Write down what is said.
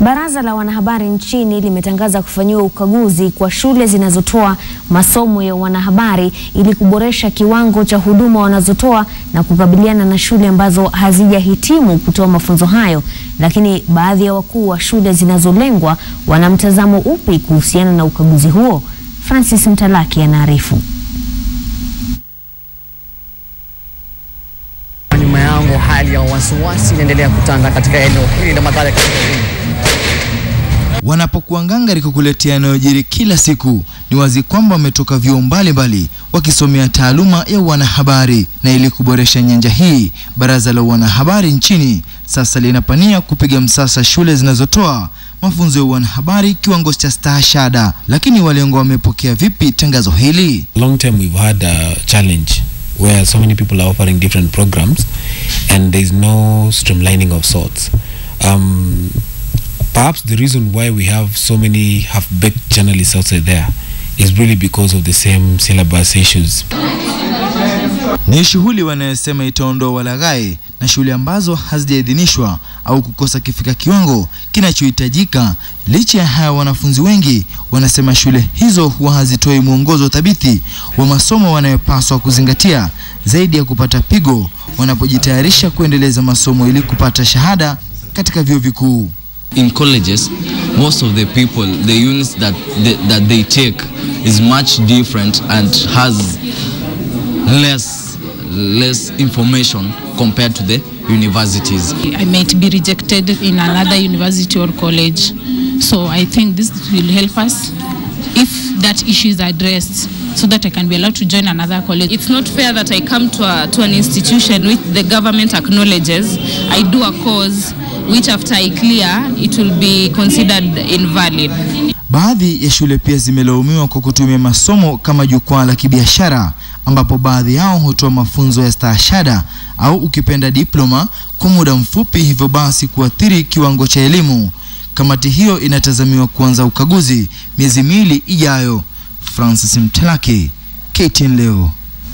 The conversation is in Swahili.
Baraza la wanahabari nchini limetangaza kufanyiwa ukaguzi kwa shule zinazotoa masomo ya wanahabari ili kuboresha kiwango cha huduma wanazotoa na kukabiliana na shule ambazo hazijahitimu kutoa mafunzo hayo. Lakini baadhi ya wakuu wa shule zinazolengwa wana mtazamo upi kuhusiana na ukaguzi huo? Francis Mtalaki anaarifu. Nyuma yangu hali ya wasiwasi inaendelea kutanda katika eneo hili la Mathare Wanapokuwa ngangari kukuletea yanayojiri kila siku, ni wazi kwamba wametoka vyuo mbalimbali wakisomea taaluma ya wanahabari, na ili kuboresha nyanja hii, baraza la wanahabari nchini sasa linapania kupiga msasa shule zinazotoa mafunzo ya wanahabari kiwango cha stashahada. Lakini walengo wamepokea vipi tangazo hili? Long term we've had a challenge where so many people are offering different programs and there's no streamlining of sorts. Um, perhaps the reason why we have so many half-baked journalists outside there is really because of the same syllabus issues. Ni shughuli wanayosema itaondoa walaghai na shughuli ambazo hazijaidhinishwa au kukosa kifika kiwango kinachohitajika. Licha ya haya, wanafunzi wengi wanasema shule hizo huwa hazitoi mwongozo thabiti wa masomo wanayopaswa kuzingatia zaidi ya kupata pigo wanapojitayarisha kuendeleza masomo ili kupata shahada katika vyuo vikuu. in colleges, most of the people, the units that they, that they take is much different and has less less information compared to the universities. I might be rejected in another university or college, so I think this will help us if that issue is addressed so that I can be allowed to join another college. It's not fair that I come to, a, to an institution which the government acknowledges. I do a course which after I clear it will be considered invalid. Baadhi ya shule pia zimelaumiwa kwa kutumia masomo kama jukwaa la kibiashara ambapo baadhi yao hutoa mafunzo ya stashada au ukipenda diploma kwa muda mfupi, hivyo basi kuathiri kiwango cha elimu. Kamati hiyo inatazamiwa kuanza ukaguzi miezi miwili ijayo. Francis mtelaki KTN Leo.